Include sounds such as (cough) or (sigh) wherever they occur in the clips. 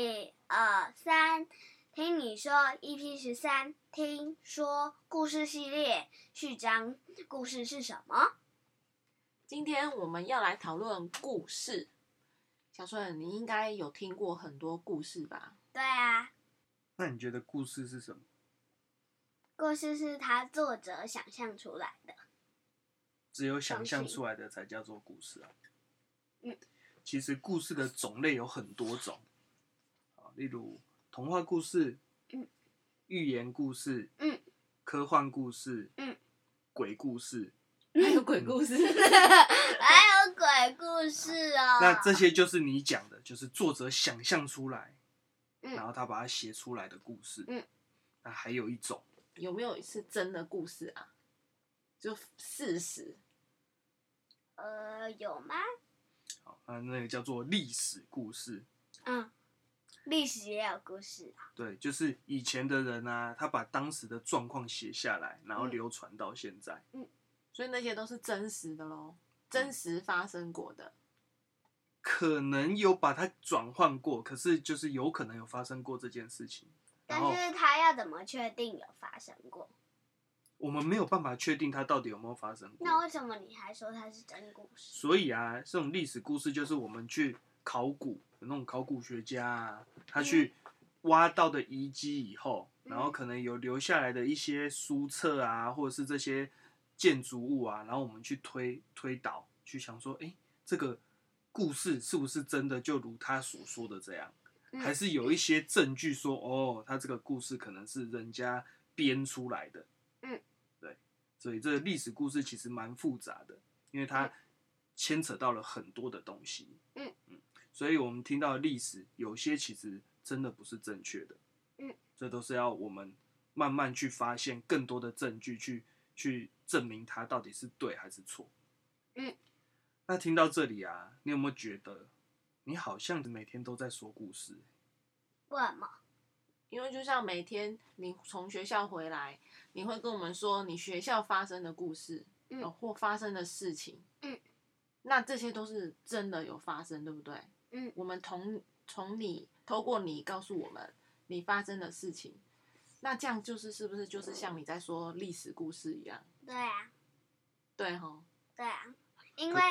一二三，聽你說。EP13，聽說故事系列序章，故事是什麼？今天我們要來討論故事。小順，你應該有聽過很多故事吧？對啊。那你覺得故事是什麼？故事是他作者想象出來的。只有想象出來的才叫做故事啊。嗯。其實故事的種類有很多種。例如童話故事，嗯、寓言故事，嗯、科幻故事，嗯、鬼故事，還有鬼故事，嗯、 (laughs) 還有鬼故事哦。那這些就是你講的，就是作者想象出來，嗯、然後他把它寫出來的故事。嗯、那還有一種，有沒有是真的故事啊？就事實？呃，有嗎？好，那那個叫做歷史故事。嗯。歷史也有故事啊。對，就是以前的人啊，他把當時的狀況寫下來，然後流傳到現在。嗯。嗯，所以那些都是真實的嘍，真實發生過的。嗯。可能有把它轉換過，可是就是有可能有發生過這件事情。但是他要怎麼確定有發生過？我們沒有辦法確定他到底有沒有發生過。那為什麼你還說它是真故事？所以啊，這種歷史故事就是我們去考古。有那種考古學家啊，他去挖到的遺跡以後，然後可能有留下來的一些書冊啊，或者是這些建築物啊，然後我們去推推導，去想說，誒、欸，這個故事是不是真的就如他所說的這樣？還是有一些證據說，哦，他這個故事可能是人家編出來的？嗯，對，所以這個歷史故事其實蠻複雜的，因為它牽扯到了很多的東西。嗯。所以，我們聽到的歷史有些其實真的不是正確的。嗯，這都是要我們慢慢去發現更多的證據去，去去證明它到底是對還是錯。嗯，那聽到這裡啊，你有沒有覺得你好像每天都在說故事？為什麼？因為就像每天你從學校回來，你會跟我們說你學校發生的故事，嗯呃、或發生的事情。嗯，那這些都是真的有發生，對不對？嗯，我們從從你透過你告訴我們你發生的事情，那這樣就是是不是就是像你在說歷史故事一樣？嗯、對啊，對吼，對啊，因為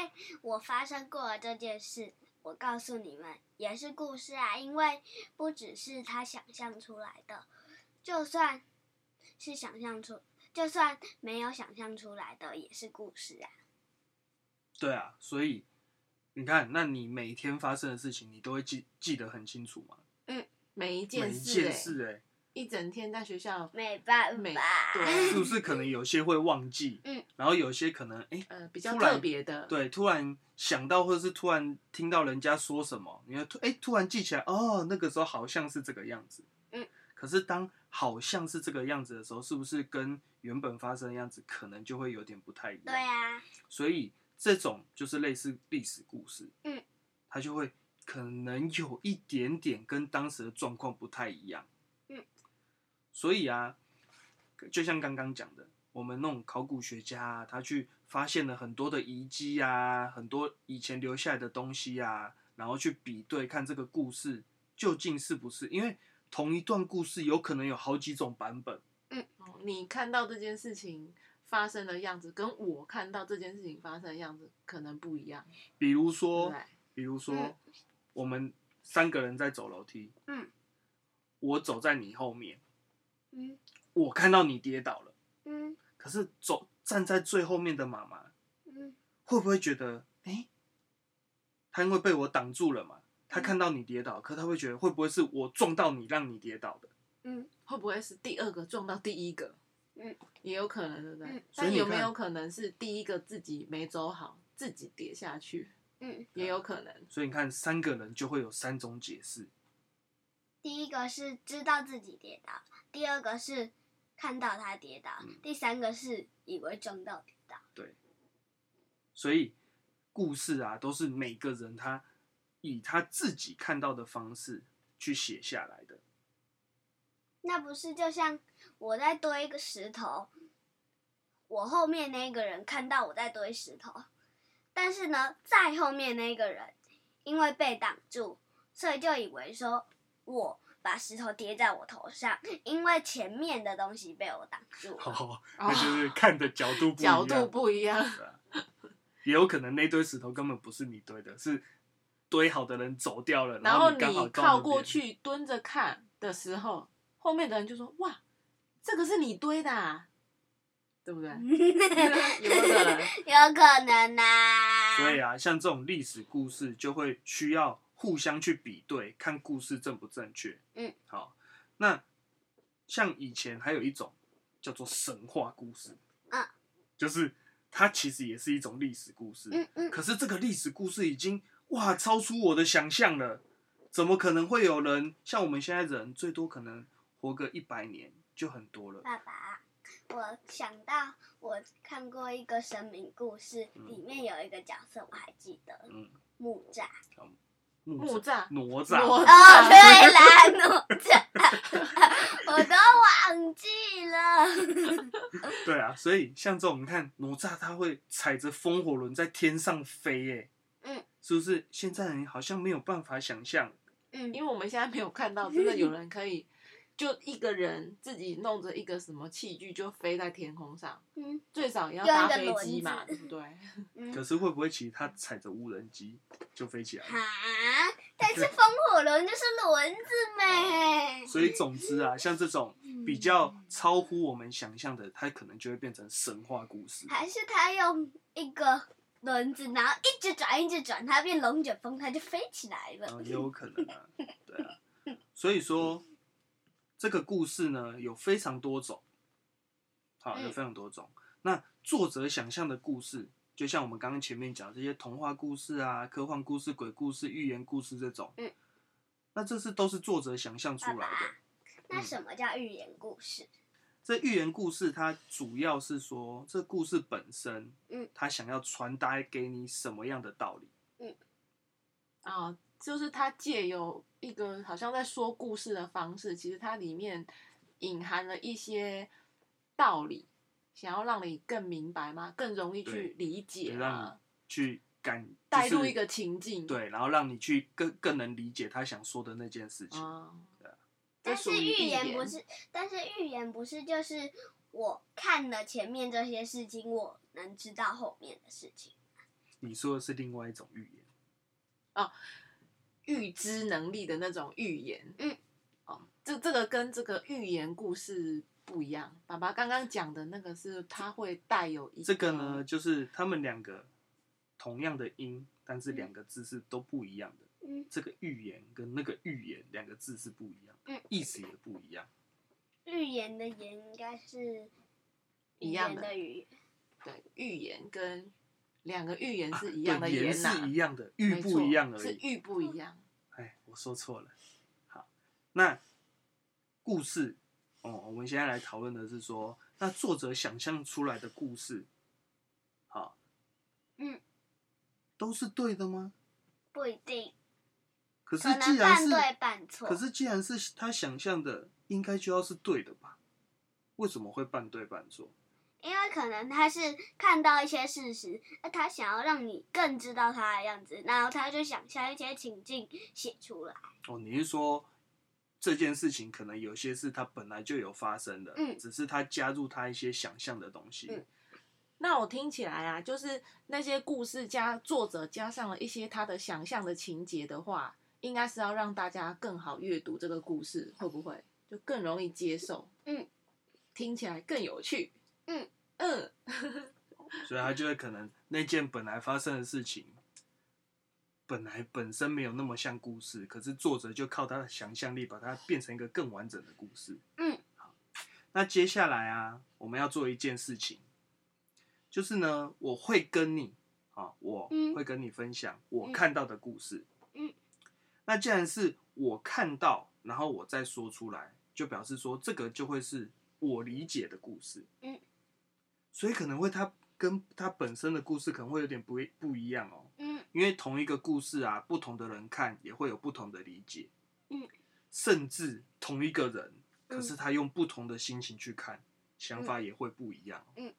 我發生過了這件事，可我告訴你們也是故事啊。因為不只是他想象出來的，就算是想象出，就算沒有想象出來的也是故事啊。對啊，所以。你看，那你每天發生的事情，你都會記記得很清楚嗎？嗯，每一件事、欸，每一件事、欸，誒，一整天在學校每，每吧每吧，對，是不是可能有些會忘記，嗯，然後有些可能，哎、欸呃，比較特別的，對，突然想到，或者是突然聽到人家說什麼，你要突誒、欸，突然記起來，哦，那個時候好像是這個樣子，嗯，可是當好像是這個樣子的時候，是不是跟原本發生的樣子，可能就會有點不太一樣？對啊，所以。這種就是類似歷史故事，嗯，他就會可能有一點點跟當時的狀況不太一樣，嗯，所以啊，就像剛剛講的，我們那種考古學家啊，他去發現了很多的遺跡啊，很多以前留下來的東西啊，然後去比對看這個故事究竟是不是，因為同一段故事有可能有好幾種版本，嗯，你看到這件事情。發生的樣子跟我看到這件事情發生的樣子可能不一樣。比如說，對比如說，嗯、我們三個人在走樓梯，嗯，我走在你後面，嗯，我看到你跌倒了，嗯，可是走站在最後面的媽媽，嗯，會不會覺得，她、欸、他因為被我擋住了嘛，他看到你跌倒，嗯、可他會覺得會不會是我撞到你讓你跌倒的？嗯，會不會是第二個撞到第一個？嗯。也有可能，對不對？嗯、但有沒有可能是第一個自己沒走好，嗯、自己跌下去？嗯，也有可能。所以你看，三個人就會有三種解釋。第一個是知道自己跌倒，第二個是看到他跌倒，嗯、第三個是以為撞到跌倒。對，所以故事啊，都是每個人他以他自己看到的方式去寫下來的。那不是就像我在堆一個石頭，我後面那個人看到我在堆石頭，但是呢，在後面那個人因為被擋住，所以就以為說我把石頭疊在我頭上，因為前面的東西被我擋住。哦，那就是看的角度不一樣，哦，角度不一樣。也有可能那堆石頭根本不是你堆的，是堆好的人走掉了，然後，剛好然後你靠過去蹲着看的時候。後面的人就說：“哇，這個是你堆的啊，對不對？ (laughs) (laughs) 有可能，有可能吶、啊。”啊，像這種歷史故事，就會需要互相去比對，看故事正不正確。嗯，好，那像以前還有一種叫做神話故事，嗯、啊，就是它其實也是一種歷史故事。嗯嗯，可是這個歷史故事已經哇，超出我的想象了。怎麼可能會有人像我們現在人最多可能？活個一百年就很多了。爸爸，我想到我看過一個神明故事，嗯、裡面有一個角色我還記得，木吒。木吒？哪吒？哦，對啦，哪吒 (laughs) 哪吒， (laughs) 我都忘記了。 (laughs) 對啊，所以像這種你看，哪吒他會踩着風火輪在天上飛耶。嗯。是不是現在你好像沒有辦法想象？嗯，因為我們現在沒有看到真的有人可以、嗯。就一個人自己弄着一個什麼器具，就飛在天空上。嗯，最少要搭飛機嘛，對不對？可是會不會其他踩着無人機就飛起來？啊哈！Okay. 但是風火輪就是輪子嘛、嗯。所以總之啊，像這種比較超乎我們想象的，它可能就會變成神話故事。還是他用一個輪子，然後一直轉，一直轉，它變龍捲風，它就飛起來了、嗯。也有可能啊，對啊。所以說。這個故事呢，有非常多種，好，有非常多種。嗯、那作者想象的故事，就像我們剛剛前面講的這些童話故事啊、科幻故事、鬼故事、寓言故事這種，嗯、那這是都是作者想象出來的。爸爸，那什麼叫寓言故事？嗯、這寓言故事它主要是說，這故事本身，嗯，它想要傳達給你什麼樣的道理？嗯，啊、哦。就是他藉由一個好像在說故事的方式，其實它裡面隱含了一些道理，想要讓你更明白嗎？更容易去理解嗎？去感帶入一個情境，對，然後讓你去更更能理解他想說的那件事情。嗯、對但是預言不是，但是預言不是，就是我看了前面這些事情，我能知道後面的事情。你說的是另外一種預言啊。預知能力的那種預言，嗯，哦，這這個跟這個寓言故事不一樣。爸爸剛剛講的那個是，他會帶有一，這個呢，就是他們兩個同樣的音，但是兩個字是都不一樣的。嗯，這個預言跟那個預言兩個字是不一樣，嗯，意思也不一樣。預言的言應該是言語言一樣的語言。對，預言跟。兩個寓言，是一樣的言、啊啊，言是一樣的，寓，啊、不一樣而已。寓不一樣。哎，我說錯了。好，那故事，哦，嗯，我們現在來討論的是說，那作者想象出來的故事，好，嗯，都是對的嗎？不一定。可，半半可是，既然是半對半錯，可是既然是他想象的，應該就要是對的吧？為什麼會半對半錯？因為可能他是看到一些事實，那他想要讓你更知道他的樣子，然後他就想像一些情境寫出來。哦，你是說這件事情可能有些事他本來就有發生的，嗯，只是他加入他一些想象的東西，嗯。那我聽起來啊，就是那些故事加作者加上了一些他的想象的情節的話，應該是要讓大家更好閱讀這個故事，會不會就更容易接受？嗯，聽起來更有趣。嗯。 (laughs) 所以他就會可能那件本來發生的事情，本來本身沒有那麼像故事，可是作者就靠他的想象力把它變成一個更完整的故事。嗯，好，那接下來啊，我們要做一件事情，就是呢，我會跟你啊，我會跟你分享我看到的故事。嗯，嗯，那既然是我看到，然後我再說出來，就表示說這個就會是我理解的故事。嗯。所以可能會，他跟他本身的故事可能會有點不一不一樣哦。嗯。因為同一個故事啊，不同的人看也會有不同的理解。嗯。甚至同一個人，可是他用不同的心情去看，想法也會不一樣。嗯。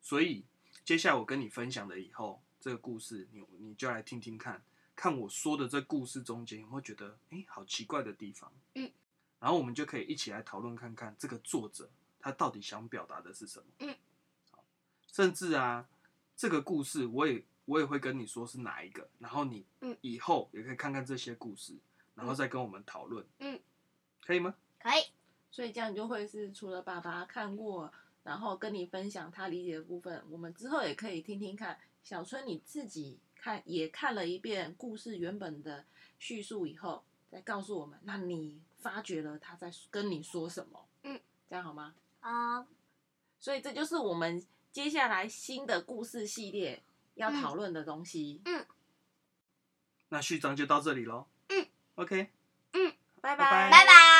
所以接下來我跟你分享的以後這個故事，你你就來聽聽看，看我說的這故事中間有，沒有覺得哎、欸，好奇怪的地方。嗯。然後我們就可以一起來討論看看，這個作者他到底想表達的是什麼。嗯。甚至啊，這個故事我也我也會跟你說是哪一個，然後你以後也可以看看這些故事，嗯，然後再跟我們討論，嗯，嗯，可以嗎？可以，所以這樣你就會是除了爸爸看過，然後跟你分享他理解的部分，我們之後也可以聽聽看，小春你自己看也看了一遍故事原本的敘述以後，再告訴我們，那你發覺了他在跟你說什麼？嗯，這樣好嗎？啊，嗯，所以這就是我們。接下來新的故事系列要討論的東西，嗯，嗯，那序章就到這裡嘍，嗯。嗯，OK，嗯，拜拜，拜拜。